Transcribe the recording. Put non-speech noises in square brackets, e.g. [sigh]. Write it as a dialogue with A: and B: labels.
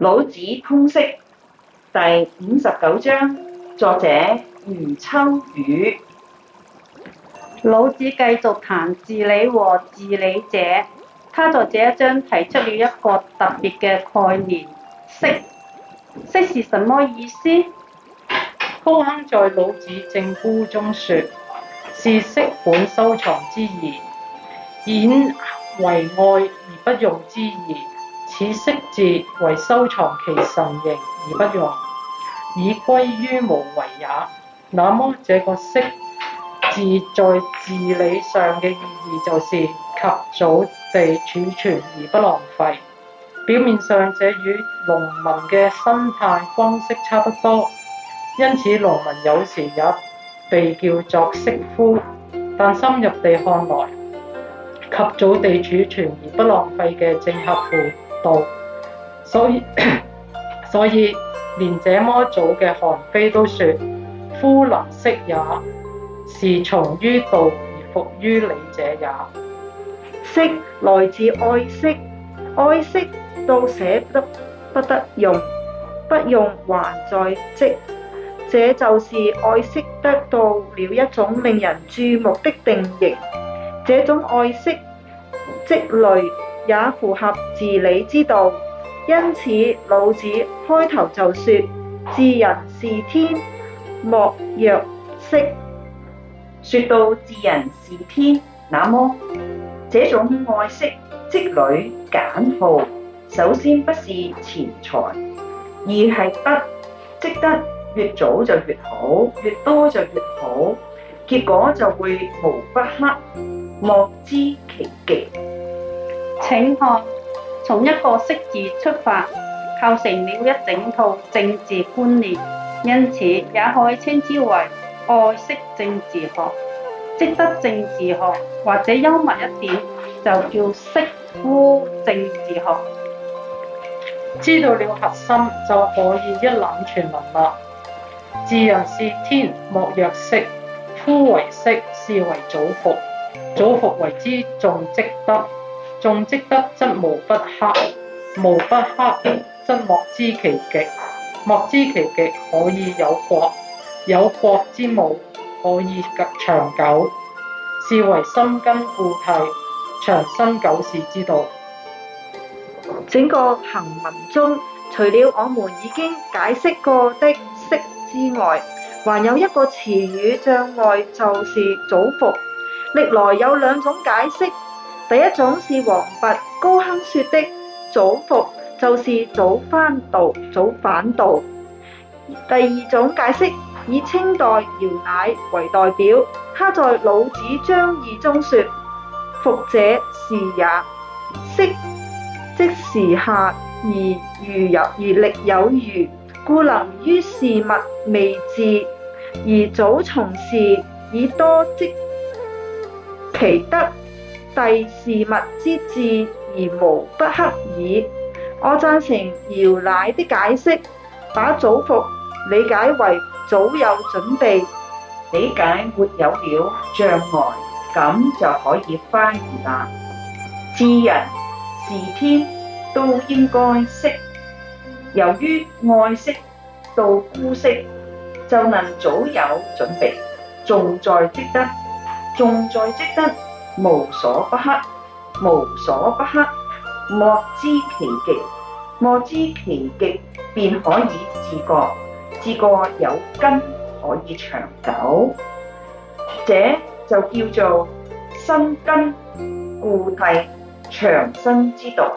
A: 老子通釋第五十九章，作者
B: 余秋雨。
A: 老子繼續談治理和治理者，他在這一章提出了一個特別嘅概
C: 念，嗇。嗇是什麼意思？高亨在《老子正詁》中說：是嗇本收藏之義，衍為愛而不用之義。此嗇字為收藏其神形而不用，以歸於無為也。那麼，這個嗇字在治理上嘅意義，就是及早地儲存而不浪費。表面上這與農民嘅生態方式差不多，因此農民有時也被叫做嗇夫。但深入地看來，及早地儲存而不浪費嘅正合乎。道，所以 [coughs] 所以連這麼早嘅韓非都說：夫能識也是從於道而服於理者也。識來自愛識，愛識到捨得
B: 不得用，不用還在積。這就是愛識得到了一種令人注目的定型，這種愛識。積累也符合自理之道，因此老子開頭就說：治人事天，莫若嗇。說到治人事天，那麼這種愛惜積累減耗，首先不是錢財，而係德，積德越早就越好，越多就越好，結果就會無不克。莫知其極。
A: 請看，從一個嗇字出發，構成了一整套政治觀念，因此也可以稱之為愛嗇政治學，即得政治學，或者幽默
C: 一點，就叫嗇乎政治學。知道了核心，就可以一覽全文啦。治人事天，莫若嗇。夫唯嗇，是謂早服。祖早服為之，重積德；重積德則無不克，無不克則莫知其極，莫知其極可以有國，有國之母可以長久，是為深根固體，長生久視之道。整個行文
B: 中，除了我們已經解釋過的嗇之外，還有一個詞語障礙，就是早服。歷來有兩種解釋，第一種是王弼高亨說的早復就是早返道、早反道。第二種解釋以清代姚鼐為代表，他在《老子章義》中說：復者是也，昔即時下而餘有而力有餘，故能於事物未至而早從事，以多即。其德第事物之至而無不克矣。我贊成姚鼐的解釋，把早服理解為早有準備，理解沒有了障礙，咁就可以翻譯啦。治人事天，都應該識，由於愛識到姑息，就能早有準備，重在積德。重在積德，無所不克，無所不克，莫知其極，莫知其極，便可以治國，治國有根，可以長久。這就叫做生根固蒂、長生之道。